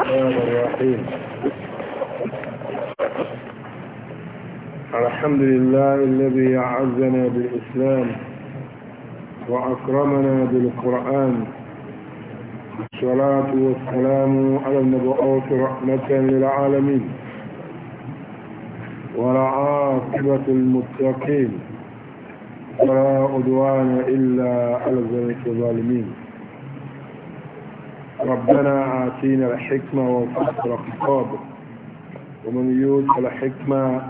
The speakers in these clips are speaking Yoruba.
الرحمن الرحيم الحمد لله الذي أعزنا بالإسلام وأكرمنا بالقرآن الصلاة والسلام على النبوات رحمة للعالمين ولعاقبة المتقين ولا عدوان إلا على الظالمين ربنا آتينا الحكمة وانفقنا خطابه ومن يوت الحكمة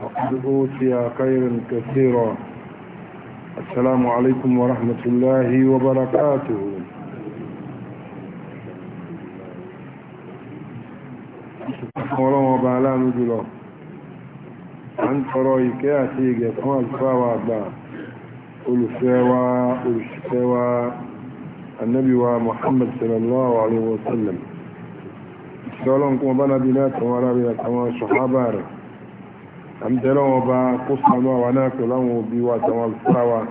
فقد أوتي خيرا كثيرا السلام عليكم ورحمة الله وبركاته ọlọ́run ọba aláàánú jùlọ a ń tọrọ ìkẹ́ àti النبي محمد صلى الله عليه وسلم سألهم كما بنا بنات وراء بنات وراء صحابة أم تلوم با قصة ما وناك لهم بيوات والفراوة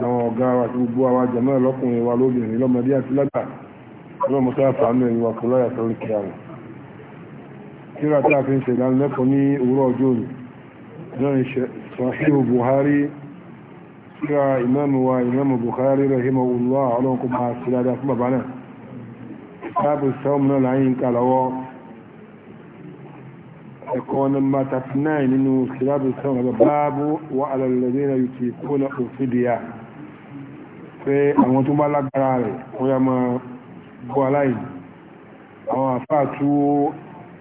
لهم وقاوة وبوا وجماع لكم ولوبهم لما ديات لك لما سافع عنه وكلا يسأل الكيامة كلا تعرفين سيدان لكم أولا جوني صحيح بوهاري síra imamu wa imamu Bukhari rahimahullah ọlọ́nkú ma sí dáadáa fún bàbá náà sáàbù sáwọn náà láyín kàlọ́wọ́ ẹ̀kọ́ nọmbà 39 nínú síláàbù sáwọn bàbá báàbù wà alàlẹ́dẹ́ na yìí kó na òfin dìyà pé àwọn tó bá lágbára rẹ̀ ó yá máa bọ́ aláìní àwọn àfáà tó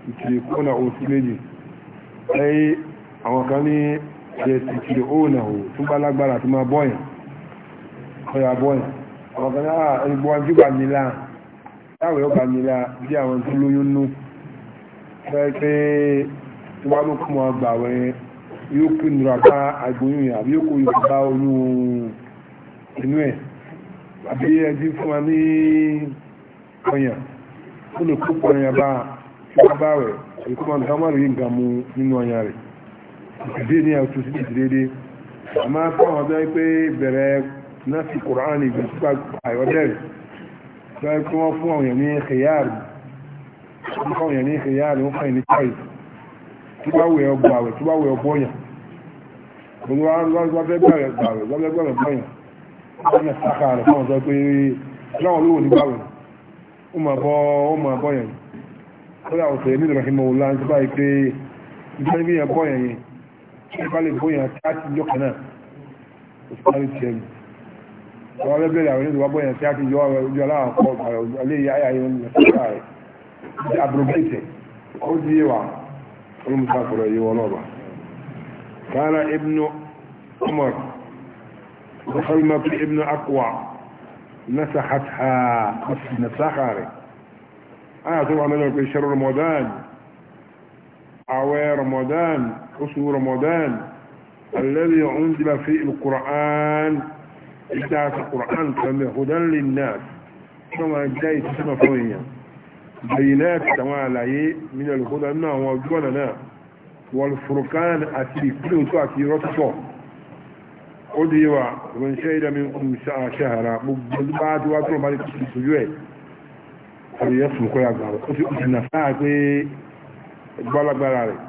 ìtìkó na òfin kan ní yẹ ti kiri óònà ò tún bá lágbára tó máa bọ́yàn ọ̀yà bọ́yàn ọ̀kan náà ah, ẹgbọ́n ojú bá mi láà láwẹ̀ ó bá mi láà bí àwọn tó lóyún nú fẹ́ pé tó bá ló kún wọn gbà wẹ́ yóò kí nura bá agbóyún yà àbí yóò kó yóò bá oyún inú ẹ̀ àbí ẹjí fún wa ní ọyàn tó lè kó pọ̀ ọyàn bá tó bá wẹ̀ èyí kó máa ń tán wà lóyún nǹkan mu nínú ọyàn rẹ̀ ìdí ní ọ̀tún sí ìdílé àmá fáwọn ọjọ́ pé bẹ̀rẹ̀ náà sí kùránì ìgbésípa àyọ́bẹ̀rẹ̀ lọ pé wọ́n fún àwọn èèyàn ní kẹyàrì wọ́n fún àwọn èèyàn ní kẹyàrì wọ́n fún àwọn èèyàn ní choice tó bá wẹ̀ ọgbà àwẹ̀ tó bá wẹ̀ ọgbọ́yàn olùwàlọ́gbẹ̀gbẹ̀rẹ̀ gbàwẹ̀ lọ́gbẹ̀gbẹ̀rẹ̀ bọ́yàn wọ́n yẹ sáka rẹ̀ fún ọjọ́ pé láwọn olówó ní gbàwẹ̀ ó máa bọ́ ó máa bọ́yàn ó yà ọ̀sẹ̀ nílùú rahimahu láńtí báyìí pé ìgbẹ́ tí ìbá lè bóyá táàtì yọ kan náà òṣìṣẹ́ ti ẹnu àwọn abẹ́bẹ̀rẹ̀ àwọn ènìyàn bóyá táàtì yọ ọjọ́ aláàkọ́ àlẹ́yà ayé ń lọ sí àbúrógbèsè ó di yé wa olùmùsà fọ̀rọ̀ yìí wọn ọba kára ibnu umar وحلمة ابن أقوى نسحتها نسحها أنا طبعا من شر رمضان àwẹ̀ Ramadan oṣù ramadan alladhi unzila fi al-qur'an ìdáta al-qur'an kàmẹ́ hudan lin-nas sọ́mà jẹ́ ìtìsọ́mà fún èèyàn bayinat tàwọn àlàyé min al-huda náà wọn ojú ọ̀nà náà wal furqan àti ìpínlẹ̀ òtú àti rọ́tọ̀ ó di wa wọn ṣe ìdámi ọmọ ṣahara gbogbo bá ti wá tó lọ bá ti tìṣojú ẹ̀ àbíyẹ́ fún kọ́ yàgbà ó ti nàfà pé gbọ́lágbára rẹ̀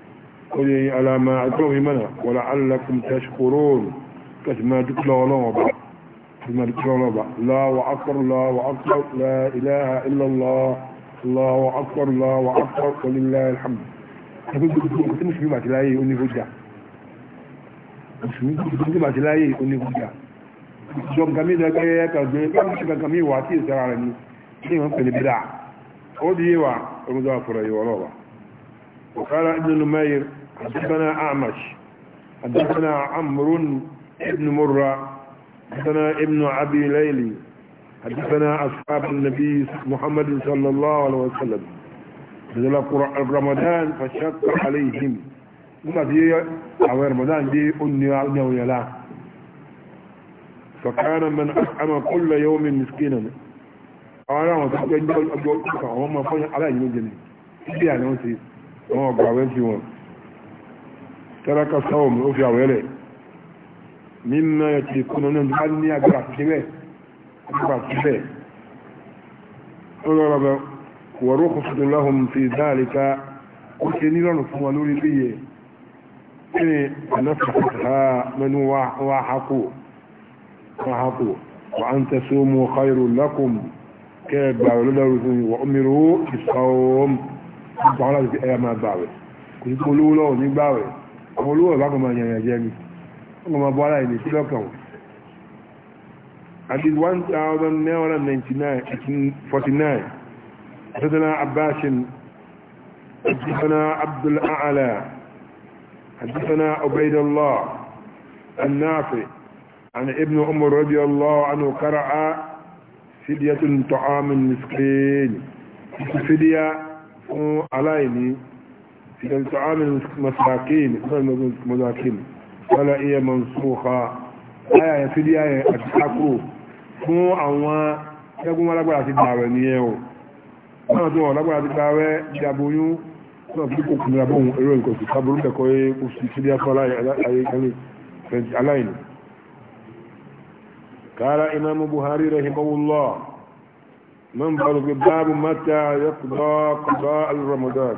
قولي على ما أدعوه منها ولعلكم تشكرون كما تكلوا نوبة كما تكلوا نوبة لا أكبر لا أكبر لا إله إلا الله الله أكبر لا أكبر ولله الحمد كنت مش بيبعت لاي أني فجع مش بيبعت لاي فجع وقال ابن نمير حدثنا أعمش حدثنا عمرو بن مرة حدثنا ابن أبي ليلي حدثنا أصحاب النبي محمد صلى الله عليه وسلم نزل رمضان فشق عليهم ثم في رمضان دي أني أني ويلا فكان من أطعم كل يوم مسكينا أنا ما تقول أبو أبو أبو أبو أبو أبو أبو أبو أبو أبو أبو tẹ́rẹ́kà sáwọ̀mù ó fi àwẹ́rẹ̀ nínú ẹ̀kì ìkúnnà náà bá ní agbára síbẹ̀ agbára síbẹ̀ ó lọ́rọ̀ bẹ wọ̀rọ̀ kò fún lọ́hùn fi dáàríká ó ṣe nílọ́nà fún wa lórí iléyẹ kí ni ànáfàá mẹ́nu ní gbà àwọn olówó ìbá kan máa yàn yàn jẹ ni wọn kàn máa bọ́ ara ìní sí lọ́kàn wọn. حديث 1949 حدثنا عباس حدثنا عبد الأعلى حدثنا عبيد الله النافع عن ابن عمر رضي الله عنه قرأ فدية طعام مسكين فدية عليني إلى طعام المساكين المساكين ولا هي منسوخة آية في دي آية أتحكوا fún àwọn ẹgbùn wọn lágbára ti dààwẹ̀ ní ẹ̀ o náà tí wọ́n lágbára ti dààwẹ̀ ìdàbòyún náà fi kò kùnrin abóhun eré nǹkan sí sábúrú mẹ́kọ́ ó sì sí díẹ̀ aláìní kára imamu buhari rahimahullah mọ́ bá rú pé báàbù mata yaqda qada al-ramadan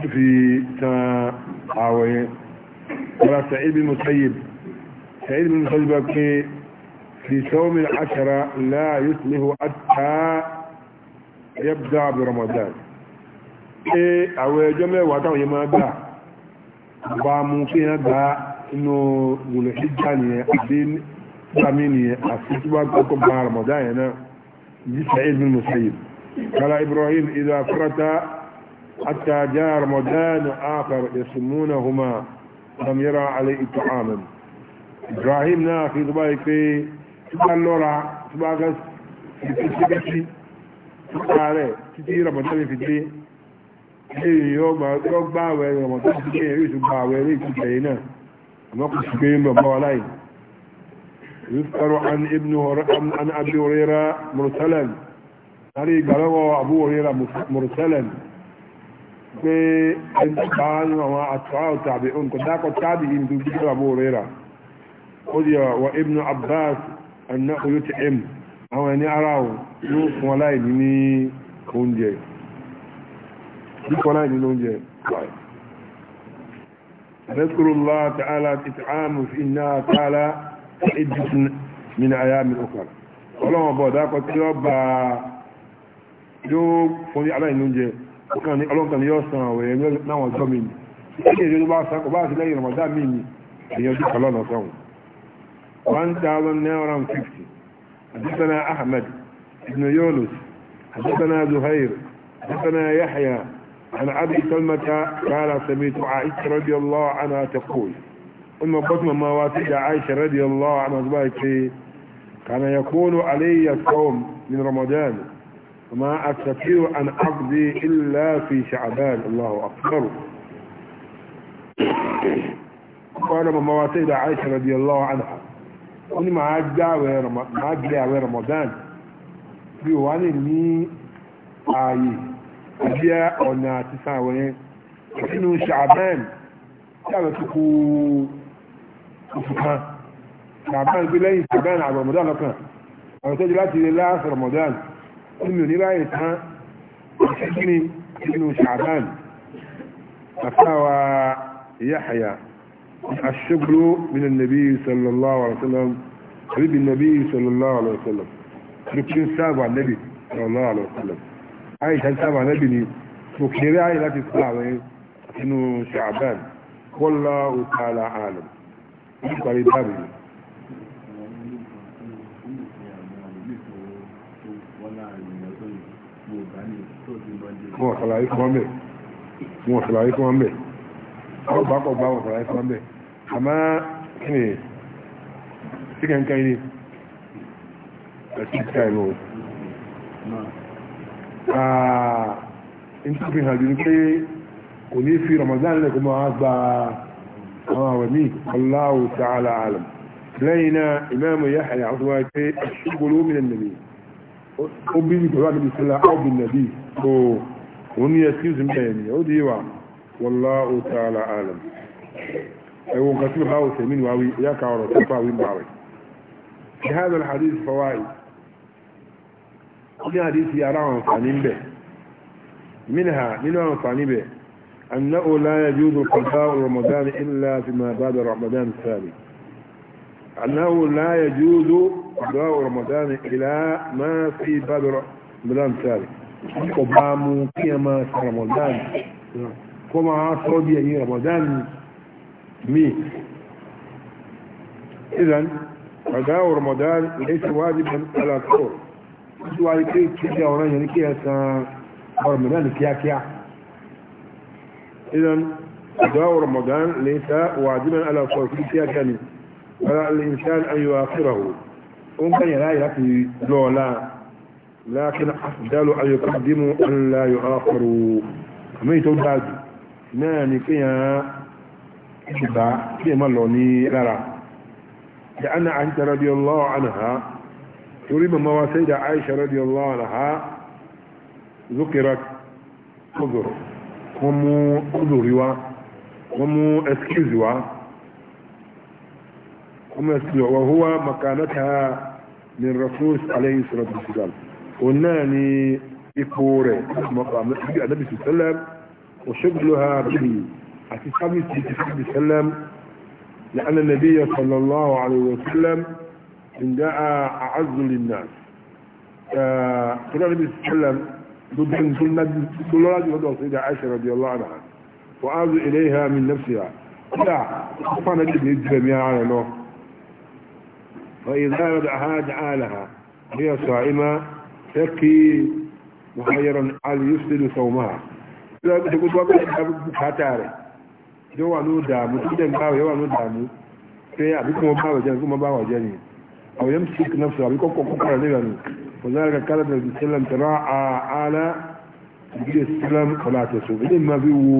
في تعاوية ولا سعيد بن مسيب سعيد بن مسيب في صوم العشرة لا يسله حتى يبدأ برمضان àwọn ẹjọ́ mẹ́wàá táwọn yẹ máa gbà bá mú kí ẹ gbà inú wùlẹ̀ ìjà nìyẹn àti ìgbàmí nìyẹn àti túbá kọ́kọ́ bá Ramadan yẹn náà yìí Sa'id bin Musayyib kala Ibrahim idha farata حتى جاء رمضان آخر يسمونهما لم يرى عليه طعاما إبراهيم ناخي ضبايك في تبقى اللورا تبقى ìfisíbísí nípa rẹ̀ títí rọ̀mọ̀tọ́lì fi dé ilé yóò gbá àwẹ̀ rọ̀mọ̀tọ́lì fi dé èrí ìtùgbà àwẹ̀ eré ìtùgbẹ̀yìn náà àmọ́kù sí pé mọ̀bá wà láì yíṣẹ́rọ an abúrẹ́ra mùrùsẹ́lẹ̀m lárí ìgbàlọ́wọ́ abúrẹ́ra mùrùsẹ́lẹ̀m pé ẹni bá ń àwọn àtúwáwò tàbí òǹkọ̀ dákọ̀ tábì yìí tó gbígbà bó rẹ̀ rà ó di wa ibnu abbas anna oyo ti m àwọn ẹni ara ò yóò fún aláìní ní oúnjẹ nípa aláìní ní oúnjẹ نذكر الله تعالى تتعام في إنها تعالى عدة من أيام أخرى ولما بعد ذلك يبقى يوم فني على نونجه ọlọ́kan ni yóò san àwọn èèyàn náwọn ọjọ́ mi ni ilé ìjọ tó bá san kò bá sí حدثنا أحمد بن يونس حدثنا زهير حدثنا يحيى عن عبد سلمة قال سمعت عائشة رضي الله عنها تقول أما قسم ما واتد عائشة رضي الله عنها كان يكون علي الصوم من رمضان ما أستطيع أن أقضي إلا في شعبان الله أكبر قال مواتيد عائشة رضي الله عنها قال ما أجلي رمضان bí wà ní ní ààyè àbíyá ọ̀nà àti sáwọn yẹn nínú ṣàbẹ́n tí a lọ sí kú oṣù kan ṣàbẹ́n gbé lẹ́yìn ṣàbẹ́n àrọ̀mọ̀dán lọ́kàn ọ̀rọ̀ tó jẹ́ láti ilé láàrín ramadan omi ò ní ráyè tán ìṣẹ́gírí nínú ṣàbán àtàwà yáhàyà aṣẹ́gbó nínú nàbí sallallahu alaihi wasallam ríbi nàbí sallallahu alaihi wasallam rufin sáàbà nàbí sallallahu alaihi wasallam àìṣà sáàbà nàbí ni kò kéré àyè láti fúláwẹ́ nínú ṣàbán wallahu ta'ala alam wọn ṣàlàyé fún wọn bẹ̀ wọn ṣàlàyé fún wọn bẹ̀ wọn bá kọ̀ gbá wọn ṣàlàyé fún wọn bẹ̀ àmọ́ kí ni sí kẹ́kẹ́ ni ẹ̀sìn kíkà ìlú n tó fi hàn jù ní pé kò ní fi Ramadan lẹ́kọ̀ọ́ máa gba àwọn àwẹ̀ míì Allahu ta'ala alam lẹ́yìn náà Imam Yahya àwọn tó wáyé pé aṣígbóló mìíràn nìyí ó bí ní pẹ̀lú àgbẹ̀bí sílá ábì nàbí tó òun ní excuse me ẹni ó di wà wallahu ta'ala alam ẹ̀wọ̀n nǹkan tí bá òsè mínú wáwí ìyá ka ọ̀rọ̀ tó fà wí ń bàwẹ̀ ní hàzà hadith fawai ó ní hadith yà ara àwọn àǹfààní ń bẹ̀ منها nínú àǹfààní bẹ̀ أنه لا يجوز قضاء رمضان إلا فيما بعد رمضان الثالث أنه لا يجوز قضاء رمضان إلى ما في بدر رمضان ثالث قبام كما في رمضان كما صدي هي يعني رمضان مي إذا قضاء رمضان ليس واجبا على طول سؤال كيف تجي وراني يعني كيف رمضان كيا كيا إذا قضاء رمضان ليس واجبا على الصور كيف كيا كيا يعني فلا الإنسان أن يؤخره ممكن لا يأتي لولا لكن أفضل أن يقدموا أن لا يؤخروا ما يتوجد ناني كيا كبا كيا ملوني لرا لأن عائشة رضي الله عنها تريد ما سيدة عائشة رضي الله عنها ذكرت عذر ومو عذر ومو اسكيز وهو مكانتها من رسول عليه الصلاة والسلام وناني لي مقام النبي صلى الله عليه وسلم وشغلها به أتسامي صلى الله عليه وسلم لأن النبي صلى الله عليه وسلم إن جاء أعز للناس النبي صلى الله عليه وسلم ضد سنة سيدة عائشة رضي الله عنها وأعز إليها من نفسها لا أصلا نجد الجميع على نوع فإذا ودعها جعلها هي صائمة تكي محيرا على يفسد صومها تقول وقت بكاتاري yóò wà ní ìdààmú tó dẹ̀ ń báwọ̀ yóò wà ní ìdààmú pé àbíkú mọ báwọ̀ jẹ́ àbíkú mọ báwọ̀ jẹ́ ni àwọn yẹn sì kìnnà sọ àbíkú kọ̀ọ̀kọ̀ kọ̀ọ̀rọ̀ níbẹ̀ ni ọ̀zára ka kára bẹ̀rẹ̀ sílẹ̀ tẹ̀rọ àálá ìdílé sílẹ̀ ọ̀la àtẹ̀sọ ilé ma fi wo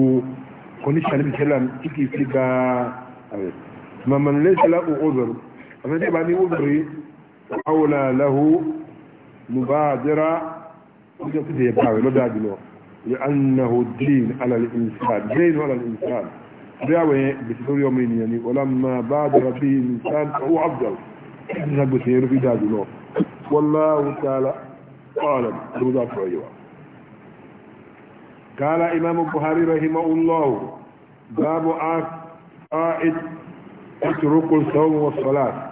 kọ́níṣà níbi sílẹ̀ tí kì í fi gba àwẹ̀ màmá nílé sílẹ̀ òkú àmì tí bá ní wúdùrí àwòlà أنا mubadira لك tí tẹ̀yẹ báwẹ̀ lọ́dọ̀ àjùlọ لأنه الدين على الإنسان دين على الإنسان دعوة بسطور يوم يعني ولما بادر به الإنسان فهو أفضل نحب سير في داجلو والله تعالى أعلم المضاف أيوة قال إمام البخاري رحمه الله باب عائد اتركوا الصوم والصلاة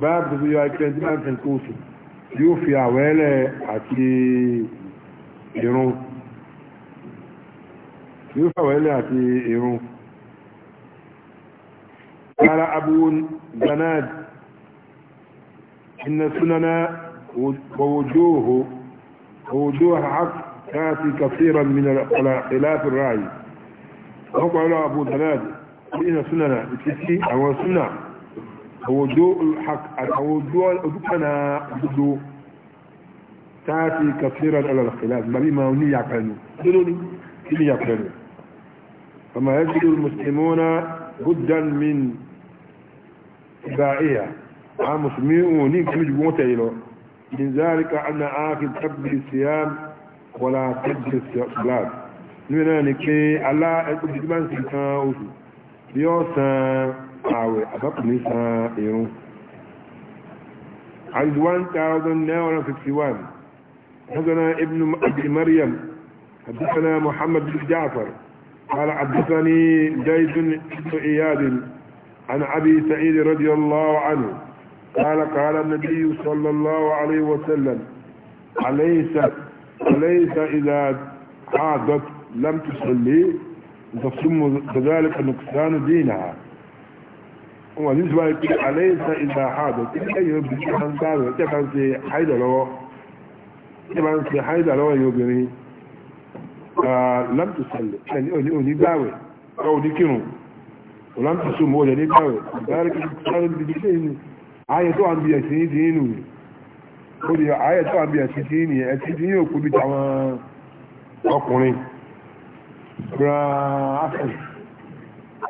báàbù tó yọ ẹgbẹ́ tí máa ń fẹ́ kóòsù yóò fi àwẹ́lẹ̀ àti ìrun yóò fi àwẹ́lẹ̀ àti ìrun قال أبو جناد إن سننا ووجوه ووجوه حق تأتي كثيرا من خلاف الرأي وقال أبو جناد إن سننا بتسي أو سنة وضوء الحق الوضوء أدوكنا أدوء تأتي كثيرا على الخلاف ما بما ني يعقلني دلوني ني يعقلني فما يجد المسلمون بدا من تباعية عام مسلمون نيجي موتيلو من ذلك أن آخذ قبل الصيام ولا قبل الصلاة نيجي على قبل ما نسيتها وشو يوسف ààwẹ̀ irun حدثنا ابن ابي مريم حدثنا محمد بن جعفر قال حدثني زيد بن اياد عن ابي سعيد رضي الله عنه قال قال النبي صلى الله عليه وسلم أليس أليس إذا عادت لم تصلي تصم كذلك نقصان دينها wọ́n ní sọ pé alẹ́ ìsá ìgbà àádọ́ tí ẹ̀yìn obìnrin máa ń dáàrọ̀ tí a bá ń ṣe haida lọ́wọ́ tí a bá ń ṣe haida lọ́wọ́ ẹ̀yìn obìnrin lámtùsẹ̀lẹ̀ ẹni onígbàwẹ̀ lọ́wọ́ oníkírun lámtùsùmọ́ ọ̀dẹ̀ nígbàwẹ̀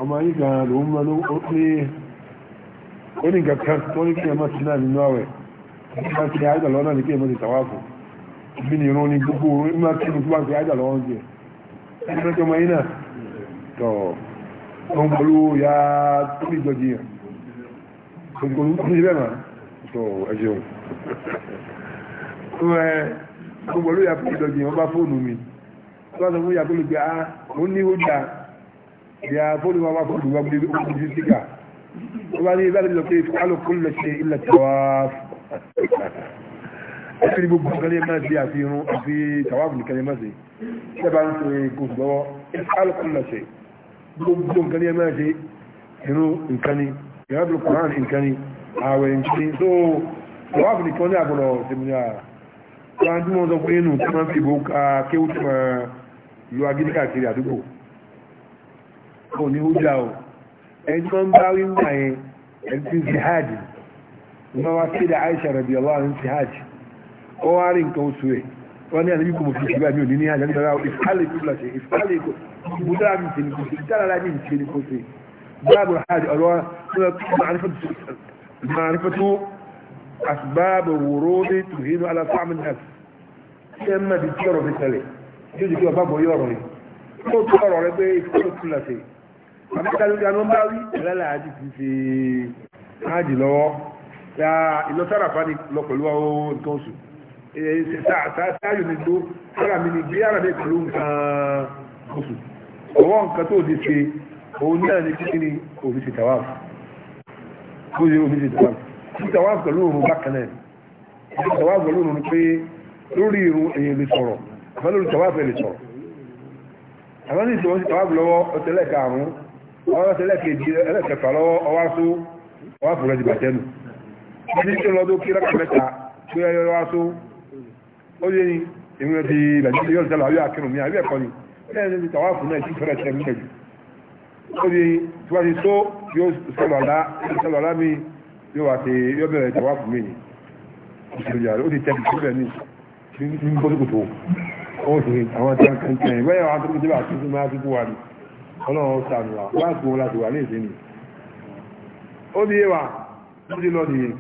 ọmọ yìí gan lòun mọ́ ló pé ó ní kankan tó ní kíyàn máa ti náà nínú àwẹ̀ nígbà tí a ìdàlọ́ náà ní kíyàn máa ti tàwáfù bí ni ìrún ní gbogbo orin máa kí ní túbà tí a ìdàlọ́ ń jẹ ẹni tó jọmọ yín náà tọ̀ ọ̀hún pẹ̀lú ya tó ní ìjọjì yàn kò ní kò ní bẹ́ẹ̀ máa tọ̀ ẹ jẹun ọ̀hún pẹ̀lú ya tó ní ìjọjì yàn wọ́n bá fóònù mi wọ́n sọ fún ya tó lè gbé ah òun ní ó dà ya fóònù wọ́n ní ìbára ìlọ pé alùkùn lè ṣe ilẹ̀ tàwáfù ẹ̀kẹ́ ní gbogbo kẹlẹ́ máa di àfihàn àfi tàwáfù ní kẹlẹ́ máa ṣe ṣẹ́bà ń ṣe gbogbo lọ́wọ́ alùkùn lè ṣe gbogbo kẹlẹ́ máa ṣe inú nǹkan ni ìrábìlì kùrán nǹkan ni ààwẹ̀ nǹkan ni tó tàwáfù ní kan ní àgbọ̀nà tèmíyà wọ́n ẹni tí wọ́n bá wí wà yẹn ẹni tí zihad wọ́n wá sí ilẹ̀ Aisha radiyallahu anha zihad ó wá rí nǹkan oṣù ẹ̀ wọ́n ní àlejò kò mọ̀ fi ṣùgbọ́n mi ò ní ní àjálù rárá ìfàlẹ̀ tó lọ́sẹ̀ ìfàlẹ̀ kò bùdá mi ti ní kò sí dára láti ní ṣe ní kò sí báàbù hajj ọ̀rọ̀ ma'rifatu asbab al-wurud tuhinu ala ta'am an-nas ṣe mọ̀ ìfàlẹ̀ abẹ́kálùkà ló ń bá wí ẹ̀rẹ́lẹ̀ àti ti ṣe áàjì lọ́wọ́ ya ìlọ sárafa ni lọ pẹ̀lú àwọn nǹkan oṣù sáàyò ni tó sára mi ni gbé ara mi pẹ̀lú nǹkan oṣù ọwọ́ nǹkan tó ti ṣe òun náà ni kíkí ni òfin ṣe tàwáàfù bó ṣe òfin ṣe tàwáàfù ṣe tàwáàfù pẹ̀lú òun bákan náà ṣe tàwáàfù pẹ̀lú òun pé lórí irun èèyàn lè sọ̀rọ̀ àmọ́ lórí tàwáàfù ẹ̀ lè sọ̀rọ̀ àmọ́ ní lọ́wọ́ ọ̀tẹ̀lẹ̀ karùn-ún ọwọ́ sẹlẹ̀kejì ẹlẹ́kẹfà lọ́wọ́ ọwá só ọwá fòrẹ́ jìbà tẹ́nu ní tí lọ́dọ́ kí rákà mẹ́ta tó yẹ ọwá só ó yé ni ìwé ti nàìjíríà yóò sẹ́lẹ̀ àwẹ́ akẹ́rù mi àwẹ́ ẹ̀kọ́ ni lẹ́yìn ní tàwá fún náà ti fẹ́rẹ̀ tẹ́ mẹ́jù ó yé tí wọ́n ti só yóò sẹ́lọ̀ ọ̀la yóò wà sí yóò bẹ̀rẹ̀ tàwá fún mi ó ti tẹ́bi ní ọlọ́run sàrùwà láti wọn láti wà ní ìsinmi ó bí wà ó dí lọ nìyẹn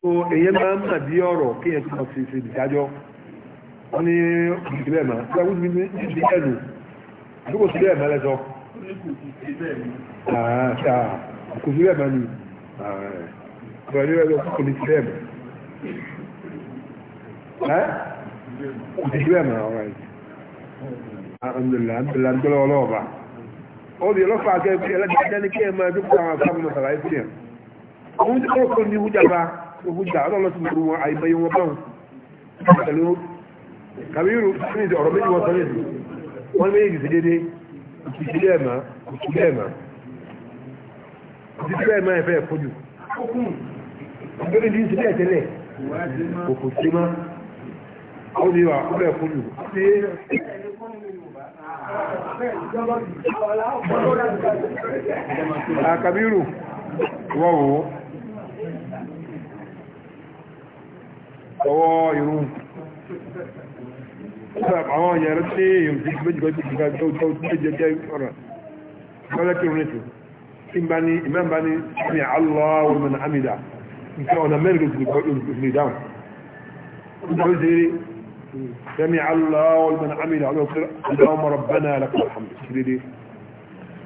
so èyẹ máa ń mà bí ọ̀rọ̀ kí ẹ tún fi ṣe ìdájọ́ wọn ní ìbílẹ̀ mà ṣé wọ́n ti ní ìbílẹ̀ nù àdúgbò sí bẹ́ẹ̀ mẹ́lẹ́sọ. kò sí bẹ́ẹ̀ mọ́ ni ọ̀rọ̀ ní ẹ̀rọ kò ní sí bẹ́ẹ̀ mọ́. kò sí bẹ́ẹ̀ mọ́ ọ̀rọ̀ yìí alhamdulilayi alhamdulilayi gbẹlẹ ọlọ́wọ́ ba ó di ọlọ́fà akẹ́kẹ́ ẹlẹ́dẹ́gbẹ́ ní kí ẹ máa dúpọ̀ àwọn afáàmù mọ̀sálà ẹ̀ fìyà òun ti kọ́ ní ìhújà bá ìhújà ọlọ́lọ́ ti mọ̀rù wọn àìmọye wọn báwọn pẹ̀lú kàbírù ní ọ̀rọ̀ méjì wọn sọ nìyí wọn méjì ti dédé àkàbírù ah, wọ́wọ́ ọwọ́ irun àwọn ọ̀yẹ̀rọ tí èyàn tí méjìkọ́ ti gbígbà tó tó jẹjẹ ọ̀rọ̀ lọ́lẹ́kì orin tó imam bá ní ní Allahu liman hamida nǹkan ọ̀nà mẹ́rin lóṣùlùkọ́ ìdáhùn سمع الله لمن عمل اللهم ربنا لك الحمد كده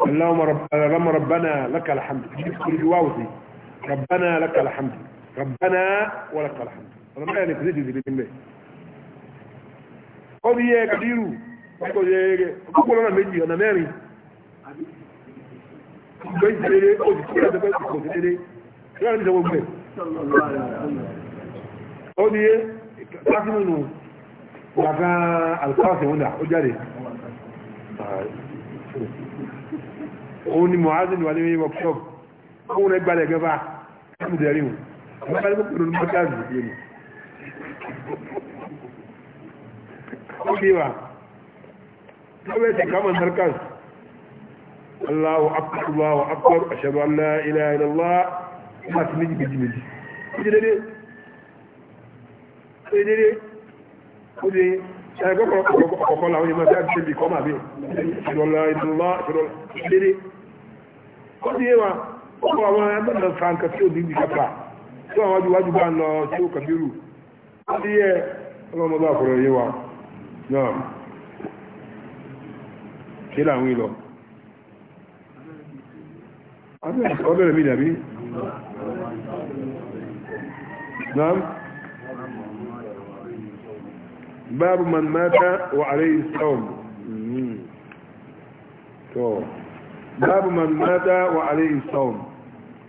اللهم رب اللهم ربنا لك الحمد كل جواوزي ربنا لك الحمد ربنا ولك الحمد ربنا لك زيد زيد بالله قد يا كبير قد يا كبير انا ميجي انا ماري بيت ليه قد كده بيت قد ليه كان ده وين قد يا تاكلوا bàbá alkọ́ọ̀sì wọn dà ó jáde òun ni mohazin wà ní workshop òun rẹ̀ gbalẹ̀ gẹba ẹmùdẹ̀rí wọn bàbá nígbà pẹ̀lú mọ́tàzì yìí ni ó bí wa tọ́wẹ́ ti kama narkas Allahu akbar Allahu akbar ashhadu an la ó di ẹgbẹ́ ọ̀kọ̀ọ̀kan làwọn yẹn máa dáàbò débi kọ́ màbí ìrọ̀lá ìrọ̀lá ìrọ̀lá ìdéré ó di ẹwà ọkọ̀ àwọn ẹgbẹ́ náà fa nǹkan tí ó di ìkàpà tí àwọn wájúwájú bá ń tí bá wa kí mi dàbí باب من مات وعليه الصوم باب من مات وعليه الصوم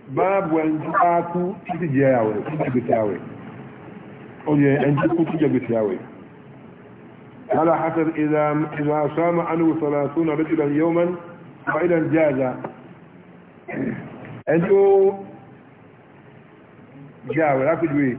باب وان تاكو تجاوي تجاوي او ان تجاوي على حسب اذا اذا صام عنه 30 رجلا يوما فاذا جاز انتو جاوي لا تجوي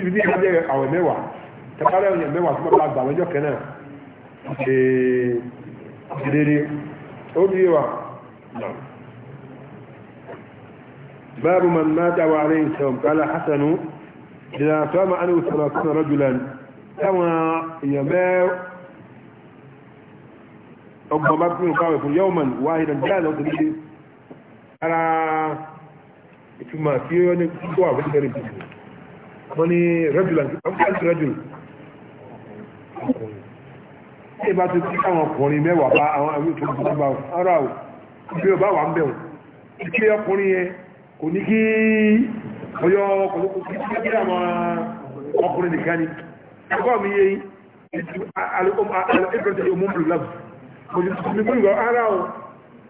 ibi tí ìyá bẹ̀rẹ̀ àwẹ̀ mẹ́wàá tẹ̀kálẹ̀ ọ̀yàn mẹ́wàá tó máa gbà wẹ́jọ́ kẹ́ náà ṣe dédé ó ní wa báàbù man mata wa alayhi salam qala hasanu ìlànà tó máa ń wùsọ̀ lọ sínú táwọn èèyàn mẹ́ ọgbọ̀n bá pín káwẹ̀ fún yawman wahidan jẹ́ àlọ́ ìtumọ̀ sí ọ́ ní kíkọ́ àwẹ́ tẹ́rẹ̀ bìbì wọ́n ní regular regular ṣe bá ti tí àwọn ọkùnrin mẹ́wàá bá àwọn awíkẹ́ ìjọba bá ara ò bí ọba wà ń bẹ̀rùn ìkẹ́ ọkùnrin yẹn kò ní kí ọyọ́ ọkùnrin kí kí kí àwọn ọkùnrin nìkan ni ẹgbọ́ mi yé alẹ́gbẹ̀rẹ̀ ọmọ mọ̀ lọ́wọ́ mo ti tún nígbà ìgbà ara ò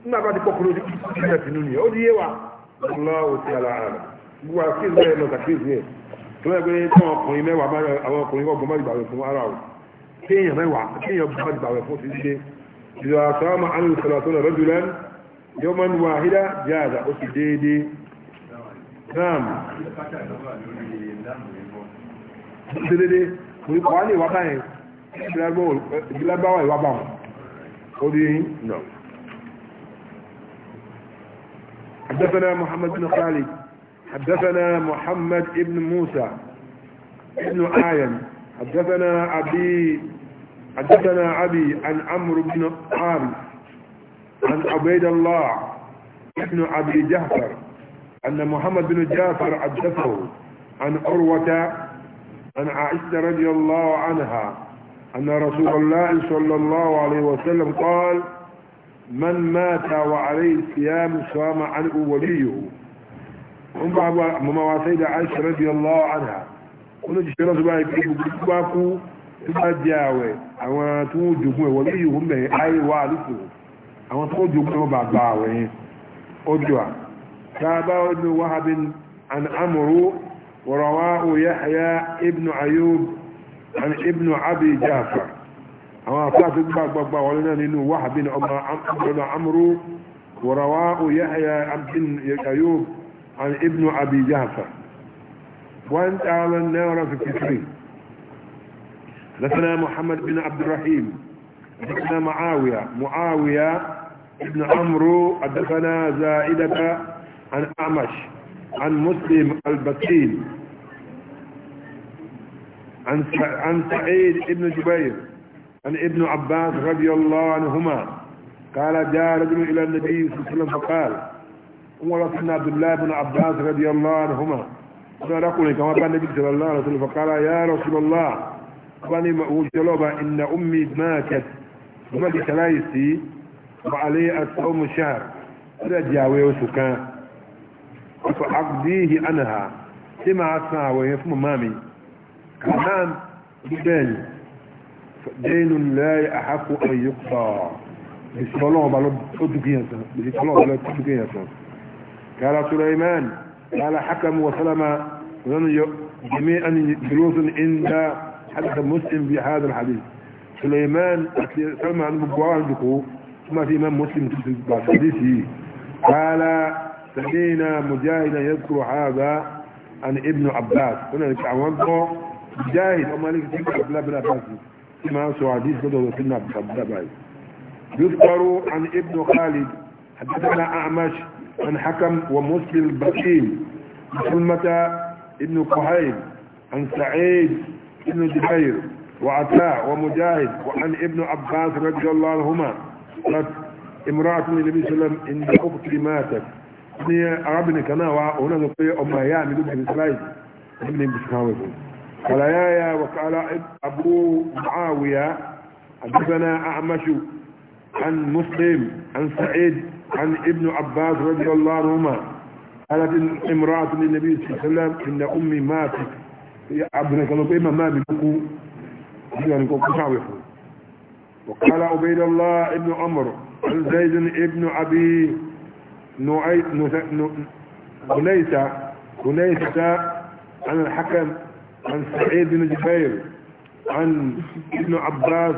nígbà bá ti pọkùnrin ní kí kí kí kí kí kí kí tó yẹ pé tí wọn ọkùnrin mẹ́wàá bá àwọn ọkùnrin ọgbọ̀n bá gbàwẹ̀ fún ara o téèyàn mẹ́wàá téèyàn bá gbàwẹ̀ fún ti ṣe ìlú àtàwọn àrùn ìṣẹ̀lẹ̀ tó lọ́dún lẹ́n yóò máa ń wà áhídá jáàdá ó sì déédéé náà déédéé kò ní kọ́ á lè wá báyìí ìgbìlágbáwà ìwà bá wọn ó di yín náà. حدثنا محمد بن خالد حدثنا محمد ابن موسى ابن عاين حدثنا أبي حدثنا أبي عن عمرو بن عارف عن عبيد الله ابن أبي جعفر أن محمد بن جعفر حدثه عن عروة عن عائشة رضي الله عنها أن رسول الله صلى الله عليه وسلم قال من مات وعليه صيام صام عنه وليه wọ́n bá bá mọ́mọ́ wa sẹ́yìn dá aṣọ rẹ̀ bí ọlọ́ àná wọ́n ló jìṣẹ́ lọ́sọ̀ báyìí pé gbogbo bá kú tó bá di àwẹ̀ àwọn tó ń jogun ẹ̀wọ̀ bí yòówù mẹ́ ayé wa àlùkò àwọn tó ń jogun ẹ̀wọ̀ bá gba àwẹ̀ yẹn ó jù à sábà ibn wahab an amuru warawa yahya ibn ayub an ibn abi jafar àwọn àfáàtò gbàgbàgbà wọlé náà nínú wahab ọmọ amuru warawa yahya ibn ayub عن ابن أبي جعفر وانت على في كثير حدثنا محمد بن عبد الرحيم حدثنا معاوية معاوية ابن عمرو حدثنا زائدة عن أعمش عن مسلم البكين عن عن سعيد بن جبير عن ابن عباس رضي الله عنهما قال جاء رجل إلى النبي صلى الله عليه وسلم فقال umar ibn abdullah ibn abbas radiyallahu anhuma ọdún arákùnrin kan wọ́n bá nabi sallallahu alaihi wasallam faqala ya rasulullah bá ní ojúlọ́ba inna ummi matat ọmọ ti ṣaláyì sí ba alẹ́ asọ́mu ṣáà ọdún àjàwé oṣù kan ọ̀fọ̀ àgbéhì anaha tí máa san àwẹ̀yẹ fún màmá mi kàmán bẹ́ẹ̀ni قال سليمان قال حكم وسلم جميعا جلوس عند حدث مسلم في هذا الحديث سليمان سلم عن بقوان بقو ثم في إمام مسلم في حديثه قال سمينا مجاهدا يذكر هذا عن ابن عباس هنا نتعوضه مجاهد وما لك تلك عبد الله بن عباس سوى حديث بدو وسلم عبد الله يذكر عن ابن خالد حدثنا أعمش عن حكم ومسلم بكيم حلمة ابن قهيب عن سعيد ابن جبير وعتاء ومجاهد وعن ابن عباس رضي الله عنهما قالت امرأة النبي صلى الله عليه وسلم ان اختي ماتت هي عربني كنا وهنا نطيع امها يا من ابن اسرائيل ابن بسكاوي قال يا يا وقال ابو معاوية حدثنا اعمش عن مسلم عن سعيد عن ابن عباس رضي الله عنهما قالت امرأة للنبي صلى الله عليه وسلم إن أمي ماتت يا عبدنا كانوا بما ما بيكو يعني وقال عبيد الله ابن عمر عن زيد ابن أبي نعيت كنيسة كنيسة عن الحكم عن سعيد بن جبير عن ابن عباس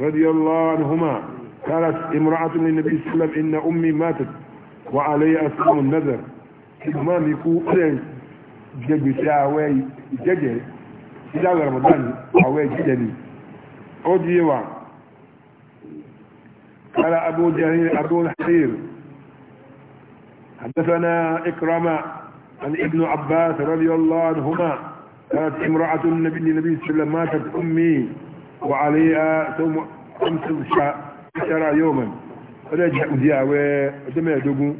رضي الله عنهما قالت امرأة للنبي صلى الله عليه وسلم إن أمي ماتت وعلي اسلام النذر ما ميكو أدن جبي ساوي جدي إلى رمضان أوي جدي أودي يوا قال أبو جهير أبو الحرير حدثنا اكرم عن ابن عباس رضي الله عنهما قالت امرأة النبي النبي صلى الله عليه وسلم ماتت أمي وعليها ثم خمس شهر àṣàrà yóò mọ̀ ọdẹ jẹ́ àwẹ̀ ọjọ́ mẹ́ẹ̀ẹ́dógún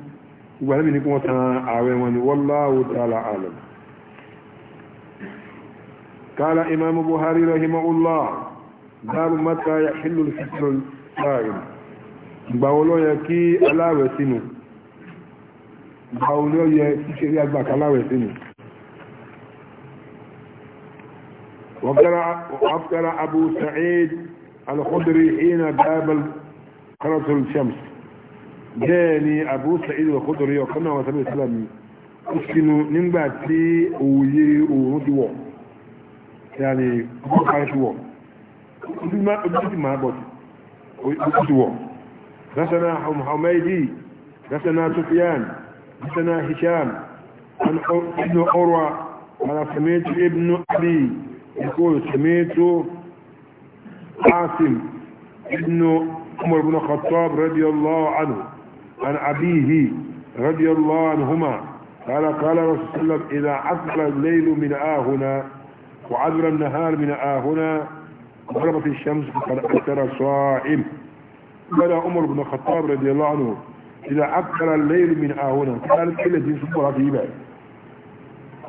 ìgbà níbi ní kí wọ́n tan àwẹ̀ wọn ni wallahu ta'ala alam قال إمام بخاري رحمه الله باب متى يحل الفطر الصائم باولو يكي aláwẹ̀ sínú باولو يكي شريعة باك aláwẹ̀ sínú وقرأ أبو سعيد الخضري حين باب قناة الشمس جاني أبو سعيد الخدري وقناة وسلم السلام اسكنوا نمبا تي أوي أورودي يعني قناة وو ما قلت ما بوت قلت وو حدثنا حميدي حدثنا سفيان حدثنا هشام عن ابن عروة أنا سمعت ابن أبي يقول سمعت عاصم ابن عمر بن الخطاب رضي الله عنه عن أبيه رضي الله عنهما قال قال رسول الله صلى الله عليه وسلم إذا عطل الليل من آهنا وعذر النهار من آهنا غربت الشمس فقد أثر صائم قال عمر بن الخطاب رضي الله عنه إذا عطل الليل من آهنا قال كل الذي سبرها في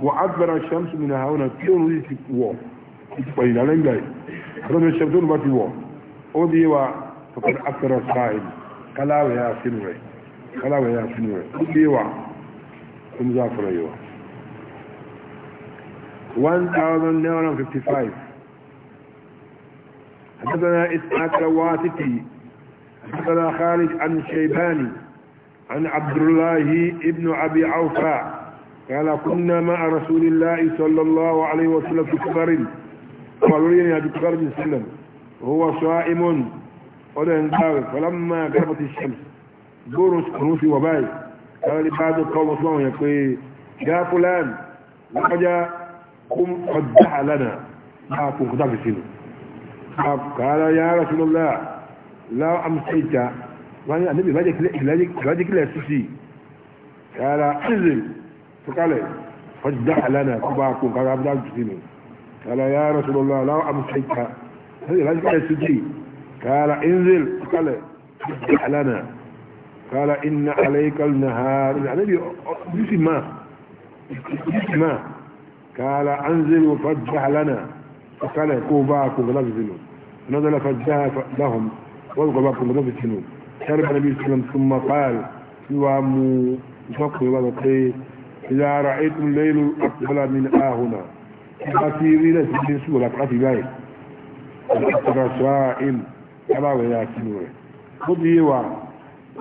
وعذر الشمس من آهنا كل جنس وو فإن عليهم لا يخرج الشمس ونباتي وو أودي فقد أكثر الصائل كلاوي يا سنوي كلاوي يا سنوي كم زافر أيوة 1955 حدثنا إسحاق الواسطي حدثنا خالد عن الشيباني عن عبد الله ابن أبي عوفاء قال كنا مع رسول الله صلى الله عليه وسلم في كبر قالوا لي يا دكتور بن سلم هو صائم ولن ينزاوي فلما غربت الشمس دورس كنوسي وباي قال لي بعد القوم اسمعوا يقول يا فلان لقد قم قد لنا ما كنت في سنه قال يا رسول الله يعني لا أمسيت وانا النبي بادك لك بادك لا سوسي قال انزل فقال فجدح لنا كباكم قال عبد الله قال يا رسول الله لا أمسيت هذه بادك لا سوسي قال انزل قال لنا قال إن عليك النهار النبي يعني يسي ما يسي ما قال أنزل وفجح لنا فقال كوباكم ونزلوا نزل فجح لهم وقباك ونزلوا شرب النبي صلى الله عليه وسلم ثم قال يواموا يفقوا الله إذا رأيتم الليل أقبل من آهنا فأتيرين سبيل سورة فأتي بيت فأتي يبقى يا كنوي خد يوا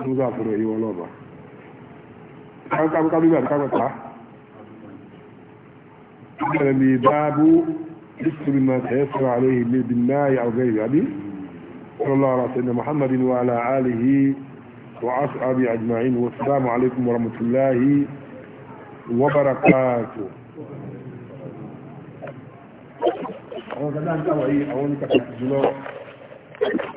مذاكر يوا لوبا كان كان كان يبقى كان كان كان باب اسم ما تيسر عليه من بناء او غير ابي صلى الله على سيدنا محمد وعلى اله واصحابه اجمعين والسلام عليكم ورحمه الله وبركاته Thank you.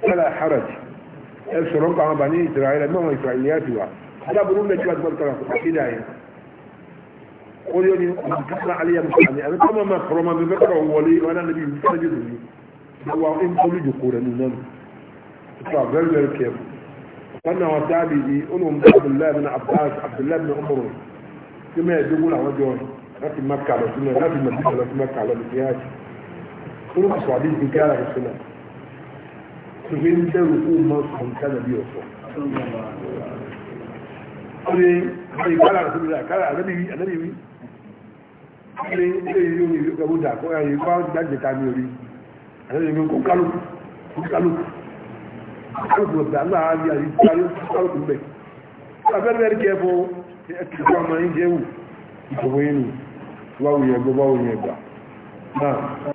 fẹ́lá haraj ẹ sọ̀rọ̀ nǹkan àwọn bani israẹli mẹ́wọ̀n israẹli yá ti wà dábòrò ń lẹ́tí wá gbọ́dọ̀ kọ́ra kó kéde àyè ó yọ ní kásá alẹ́ yẹn sọ̀rọ̀ ní àbí kọ́mọ máa kọ́rọ́ máa bẹ́ẹ̀ kọ́rọ̀ wọlé wọn náà níbi ìlú sáré lòdì wa ń kọ́lù jòkó rẹ̀ nínú nù so very very careful wọn náà wọn dábì yìí ó lóun bá abdullahi bin abbas abdullahi bin umar ní mẹ́ẹ̀ẹ́dógún làwọn jọ láti má kàlọ́ sínú láti má kàlọ́ sínú kàlọ́ lè fi hàn sí. ó tòbí ń bẹ̀rù kó mọ́ sùn kánà bí ọ̀sọ̀ ọdí ìkálà àtúndà kálà àdẹ́bí wí ilé ilé yóò ní ìlú kọ́ ẹ̀yìn bá gbàgbẹ̀ta ní orí àdẹ́bí wí kó kálùkù kó kálùkù kálùkù ọ̀dà láàárín àyí kálùkù bẹ̀ abẹ́rẹ́ kí ẹbọ ẹkùnkùn ọmọ yìí jẹ́wù ìṣòwò yìí nù wáwù yẹn gbọ́ wáwù yẹn gbà náà